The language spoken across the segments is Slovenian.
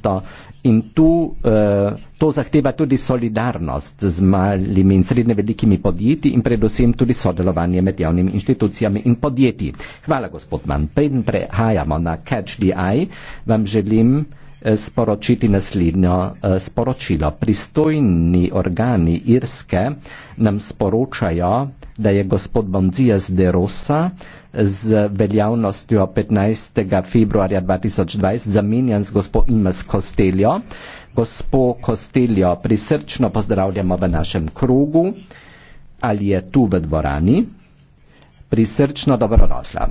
mesto in tu eh, to zahteva tudi solidarnost z malimi in srednje velikimi podjetji in predvsem tudi sodelovanje med javnimi inštitucijami in podjetji. Hvala, gospod Mann. Preden prehajamo na Catch the Eye, vam želim. Eh, sporočiti naslednjo eh, sporočilo. Pristojni organi Irske nam sporočajo, da je gospod Bonzias de Rosa z veljavnostjo 15. februarja 2020 zamenjan z gospod Imes Kosteljo. Gospod Kosteljo, prisrčno pozdravljamo v našem krogu. Ali je tu v dvorani? Prisrčno dobrodošla.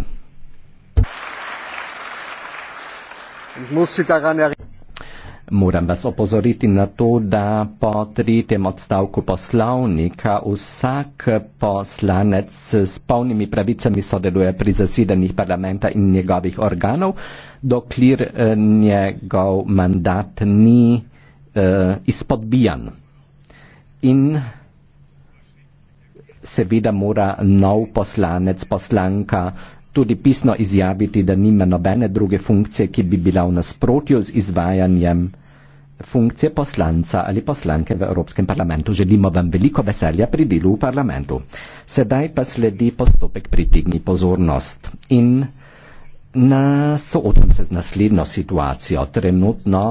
Muss sie daran erinnern. Moram vas opozoriti na to, da po tretjem odstavku poslovnika vsak poslanec s polnimi pravicami sodeluje pri zasedanjih parlamenta in njegovih organov, dokler eh, njegov mandat ni eh, izpodbijan. In seveda mora nov poslanec, poslanka, tudi pisno izjaviti, da nima nobene druge funkcije, ki bi bila v nasprotju z izvajanjem funkcije poslanca ali poslanke v Evropskem parlamentu. Želimo vam veliko veselja pri delu v parlamentu. Sedaj pa sledi postopek pritigni pozornost in na, soočam se z naslednjo situacijo. Trenutno